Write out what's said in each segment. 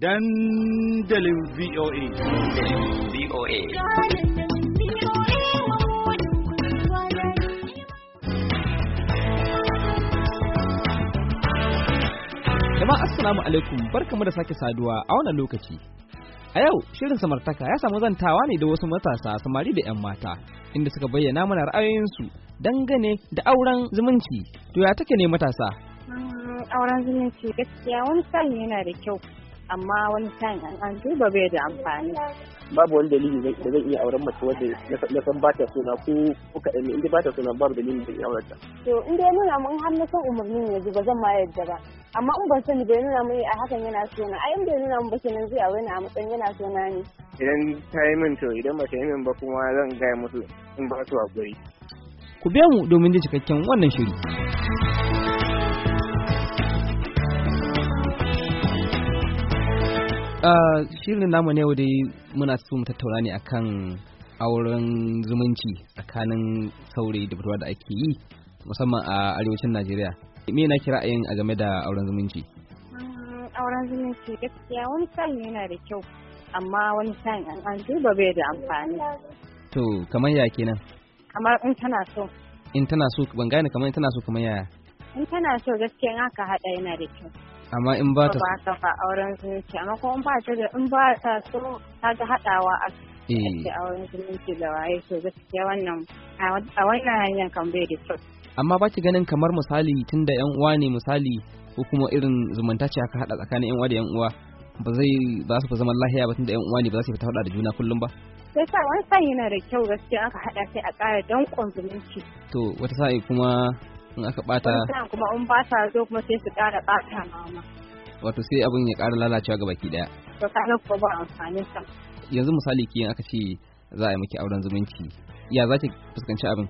dandalin VOA. VOA. Jama'a Assalamu alaikum barkamu da sake saduwa a wannan lokaci. A yau shirin samartaka ya samu zantawa ne da wasu matasa samari da 'yan mata inda suka bayyana mana ra'ayoyinsu dangane da auren zumunci. To ya take ne matasa? Mm, auren zumunci gaskiya wani sani yana da kyau amma wani time an an duba bai da amfani babu wani dalili da zan iya auren mace wadda na san bata suna ko kuka kaɗan inda bata suna babu dalili da zan auren ta to in dai nuna mun har na san umarnin yanzu ba zan ma yadda ba amma in ban sani bai nuna mun eh, a hakan yana sona a in bai nuna mun ba kenan zai auri na a matsayin yana sona ne idan ta yi min to idan ba ta yi min ba kuma zan gaya musu in ba su hakuri ku biya mu domin jin cikakken wannan shiri Ah, shirin namu ne dai muna so mu tattauna ne akan auren zumunci tsakanin saurayi da budurwa da ake yi musamman a arewacin Najeriya. Me na kira ayin a game da auren zumunci? Mm, auren zumunci gaskiya wani sa'in yana da kyau amma wani sa'in an an duba bai da amfani. To kamar ya kenan? Kamar in tana so. In tana so ban gane kamar in tana so kamar yaya? In tana so gaskiya haka haɗa yana da kyau. amma in ba ta so ba auren zumunci amma ko in ba ta da in ba ta so ta ga hadawa a eh. ake auren zumunci da waye so gaskiya wannan a wannan hanyar kan bai da kyau amma ba ki ganin kamar misali tun da yan uwa ne misali ko kuma irin zumunta ce aka hada tsakanin yan uwa da yan uwa ba zai ba su fi zaman lahiya ba tun da yan uwa ne ba za su fita hada da juna kullum ba sai sa wani sa yana da kyau gaskiya aka hada sai a ƙara danƙon zumunci to wata sa'i kuma in aka bata kuma in ba sa zo kuma sai su ƙara bata mama wato sai abin ya ƙara lalacewa ga baki daya to kaga ko ba amfani sa yanzu misali ki aka ce za a yi miki auren zumunci ya za ki fuskanci abin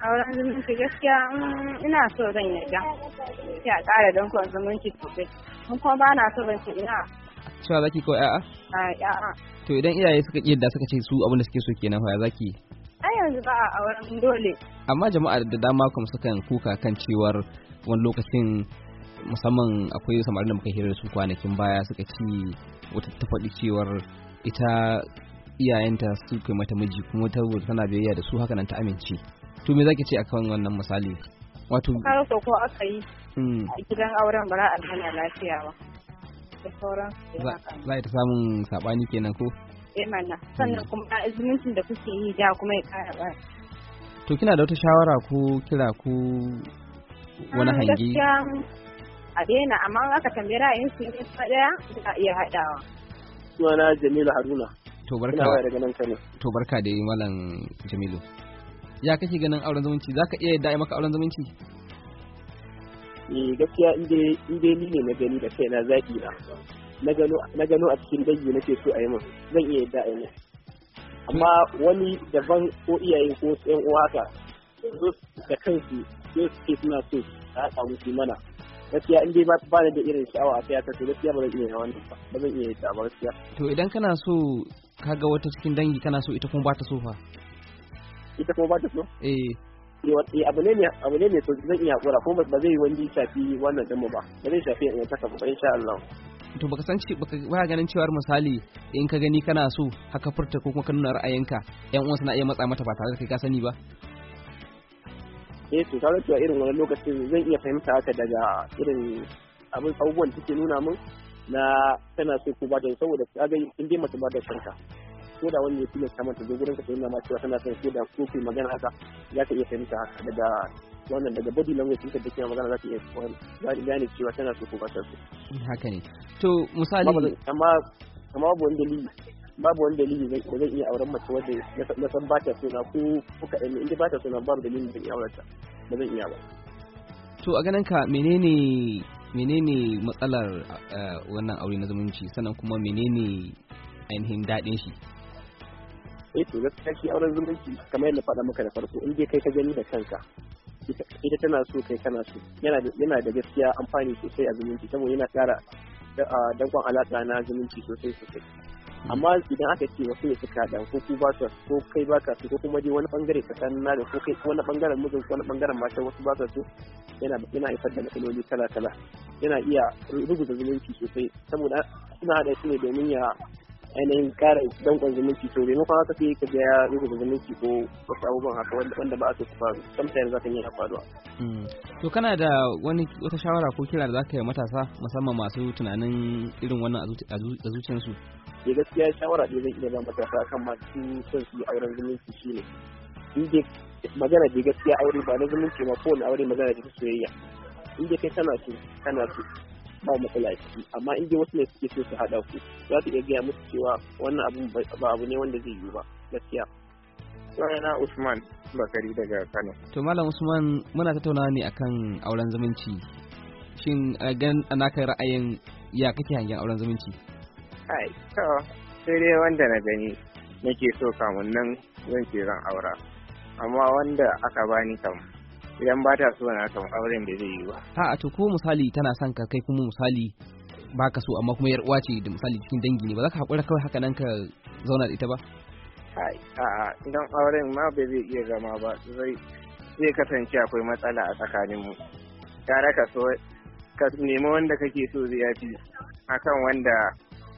auren zumunci gaskiya mm, ina so zan yi sai a ƙara dankon zumunci sosai mun kuma ba na so ban ce ina cewa zaki kawai a'a 'ya'a. to idan iyaye suka yadda suka ce su abin da suke so kenan fa ya zaki ai yanzu ba a auren dole amma jama'a da dama kuma sukan kuka kan cewar wani lokacin musamman akwai samarin da muka hirar su kwanakin baya suka ci wata ta faɗi cewar ita iyayenta su kai mata miji kuma ta wuce tana biyayya da su haka nan ta amince to me zaki ce akan wannan misali wato ka rasa ko aka yi hmm. a gidan auren bara alhala lafiya ba da sauran za ta samun sabani kenan ko Eh, mana sannan kuma zumuncin da kuke yi da kuma ya kara ba to kina da wata shawara ko kira ko wani ah, hangi a daina amma aka tambayi ra'ayin su ne ta daya za iya haɗawa suna Jamilu Haruna to barka daga nan Kano to barka da yi malam Jamilu ya kake ganin auren zumunci zaka iya yadda maka auren zumunci eh gaskiya inda inda ni ne na gani da kaina zaki na na gano a cikin dangi na ke so a yi min zan iya yadda a yi min amma wani daban ko iyaye ko yan uwa ka da kansu sai su ke suna so a haɗa musu mana gaskiya in dai ba ni da irin sha'awa a tiyata to gaskiya ba zan iya wannan ba ba zan iya yadda ba gaskiya to idan kana so ka ga wata cikin dangi kana so ita kuma ba ta so fa ita kuma ba ta so eh, eh abu ne eh, abu ne mai zan iya hakura kuma ba zai wani shafi wannan din ba ba zai shafi in ta ba insha Allah to baka san ce baka ganin cewa misali in ka gani kana so haka furta ko kuma ka ra'ayinka yan uwansa na iya matsa mata ba tare da kai ka sani ba eh to tare da irin wani lokacin zan iya fahimta haka daga irin abin abubuwan take nuna min na tana so ko ba da saboda ka ga in dai mace ba da shanka ko da wanda ya tilasta mata zo gurin ka ta ma cewa tana son ko da ko kai magana haka za ka iya fahimta daga wannan daga body language ɗinka da kina magana za ka iya za ka gane cewa tana so ko ba ta so haka ne to misali amma amma babu wani dalili babu wani dalili da zan iya auren mace wadda na san ba ta suna ko kuka in ba ta suna babu dalili da zan iya auren ta ba zan iya ba to a ganin ka menene menene matsalar eh, wannan aure na zumunci sannan kuma menene ainihin daɗin shi eh to gaskiya shi auren zumunci kamar yadda faɗa maka da farko in dai kai ka gani da kanka ita tana so kai kana so yana da gaskiya amfani sosai a zumunci saboda yana ƙara dankon alaƙa na zumunci sosai sosai amma idan aka ce wasu ya suka dan ko ku ba su ko kai ba ka su ko kuma dai wani bangare tsakanin na da ko kai wani bangaren mijin ko wani bangaren mata wasu ba su yana yana haifar da matsaloli kala kala yana iya rubuta zumunci sosai saboda suna haɗa shi ne domin ya ainihin kara dankon zumunci to maimakon haka sai ka ga ya rubuta zumunci ko wasu abubuwan haka wanda ba a so su faru za ta yi na faruwa hmm. to kana da wani wata shawara ko kira da za ka yi matasa musamman masu tunanin irin wannan a zuciyarsu ya eh, gaskiya shawara ɗaya zan iya ba matasa kan masu son su auren zumunci shine in dai magana da gaskiya aure ba na zumunci ma kowane aure magana da soyayya in kai kana so kana so ba matsala ciki amma in wasu ne suke so su haɗa ku za su iya gaya musu cewa wannan abun ba abu ne wanda zai yi ba gaskiya sunana Usman Bakari daga Kano. To Malam Usman muna tattaunawa ne akan auren zumunci. Shin gan naka ra'ayin ya kake hangen auren zumunci? Ai, to sai dai wanda na gani nake so kamun nan zan ce zan aura. Amma wanda aka bani kam idan ba ta so na kan auren da zai yi ba a to ko misali tana son ka kai kuma misali baka so amma kuma yar uwa ce da misali cikin dangi ne ba za ka haƙura kawai haka nan ka zauna da ita ba a idan auren ma bai zai iya zama ba zai zai kasance akwai matsala a tsakanin mu gara ka so ka nemi wanda kake so zai yafi akan wanda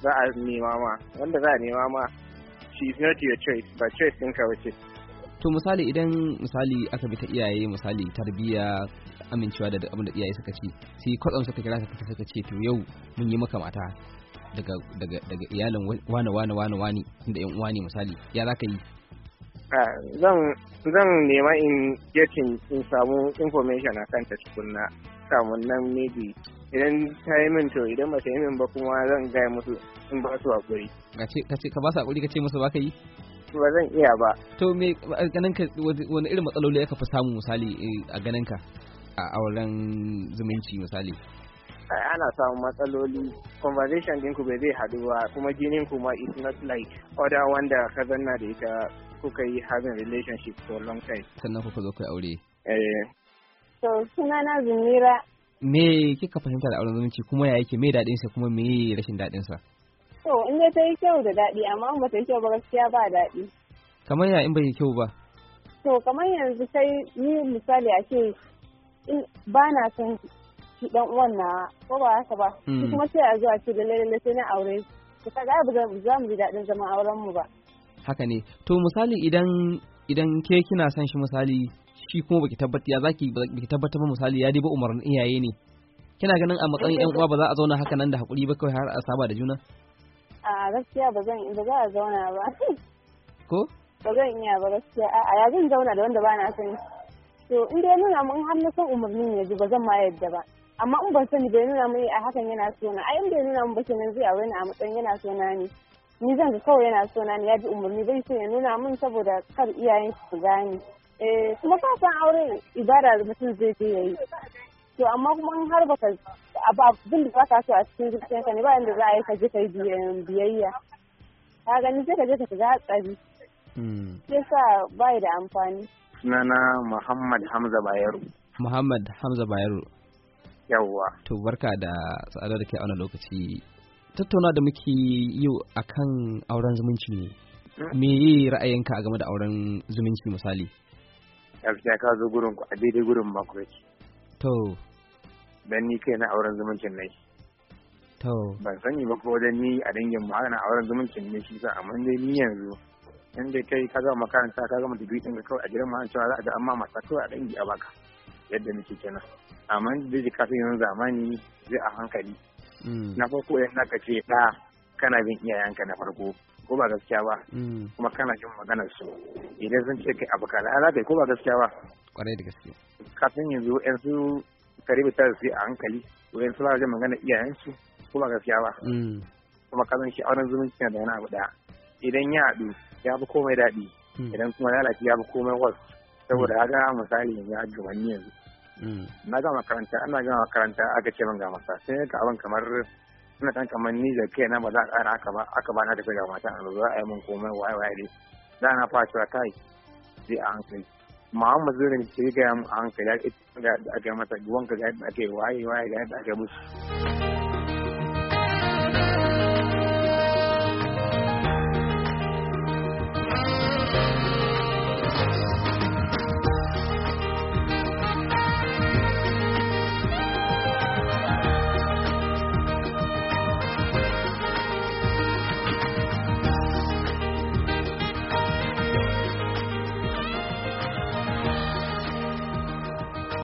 za a nema ma wanda za a nema ma she is not your choice but choice ɗinka wace to misali idan misali aka bi ta iyaye misali tarbiyya amincewa da abin da iyaye suka ce sai kwatsam suka kira suka suka ce to yau mun yi maka mata daga daga daga iyalin wani wani wani wani inda yan uwa ne misali ya za ka yi zan zan nema in yakin in samu information akan ta na samun nan maybe idan ta yi min to idan ba ta yi min ba kuma zan gaya musu in ba su hakuri ka ce ka ba su hakuri ka ce musu ba ka yi ba zan iya ba to me ganin ka wani irin matsaloli aka fi samu misali eh, a ganin ka a auren zumunci misali ana samun matsaloli conversation ɗinku bai zai haɗu ba kuma jinin kuma is not like other wanda ka zanna da ita kuka yi having relationship for long time sannan kuka zo kai aure eh so suna na zumira me kika fahimta da auren zumunci kuma ya yake me daɗinsa kuma me rashin daɗinsa? sa To in dai ta yi kyau da daɗi amma in ba ta yi kyau ba gaskiya ba daɗi. Kamar ya in bai yi kyau ba? To kamar yanzu sai ni misali a ce ba na son shi ɗan uwan na ko ba haka ba. Hmm. kuma sai a zuwa ce lalle lalle sai na aure su ga ba za mu ji daɗin zaman auren mu ba. Haka ne. To misali idan idan ke kina son shi misali shi kuma baki tabbata ya zaki baki tabbata ba misali ya dai ba umarnin iyaye ne. Kina ganin a matsayin ɗan eh, uwa eh. ba za a zauna haka nan da haƙuri ba kawai har a saba da juna? A gaskiya ba zan ba za a zauna ba. Ko? Ba zan iya ba gaskiya ya zan zauna da wanda ba na sani. To in dai nuna mun har na san umarnin yanzu ba zan ma yadda ba. Amma in ban sani bai nuna mun a hakan yana so na ai in bai nuna mun ba kenan zai aure a matsayin yana so na Ni zan ga kawai yana so na ne ya ji umarni bai so ya nuna mun saboda kar iyayen su gane. Eh kuma ka san aure ibada mutum zai je yayi. to amma kuma in har baka abin da baka so a cikin zuciyarka ne ba inda za a yi ka je ka yi biyayya ka gani sai ka je ka shiga hatsari hmm. sai sa ba da amfani sunana Muhammad Hamza Bayero Muhammad Hamza Bayero yawwa to barka da tsadar da ke auna lokaci tattauna da muke yi a kan auren zumunci ne hmm. me yi ra'ayinka a game da auren zumunci misali gaskiya ka zo gurin ku a daidai gurin ba ku to dan ni kai na auren zumuncin ne to ban sani ba ko wajen ni a dangin mu na auren zumuncin ne shi sa amma dai ni yanzu in dai kai ka gama makaranta ka gama digiri ɗin kawai a gidan mahan cewa za a ga amma masu kawai a dangi a baka yadda muke kenan amma da ji kafin yanzu zamani zai a hankali mm. na farko na ka ce ɗa kana bin iyayenka na farko ko ba gaskiya ba mm. kuma kana jin maganar su idan sun ce kai abu kala za kai ko ba gaskiya ba kwarai da gaske kafin yanzu yan su kare ta sai a hankali wayan su ba ga magana iyayensu ko ba gaskiya ba mm. kuma kazan shi auren zumunci na da yana abu daya idan ya haɗu ya fi komai daɗi mm. idan kuma lafi ya fi komai wasu saboda ya mm. haka misali yanzu a gabanni yanzu na ga makaranta ana gama makaranta aka ce min ga masa sai ka abin kamar ina kan kamar ni da kai na ba za a ƙara aka ba aka ba na tafi ga mata a za a yi min komai waye waye dai da na fara cewa kai sai a hankali Muhammad Zurin sai gaya mu a hankali ya ga masa wanka ga yadda ake waye waye ga yadda ake musu.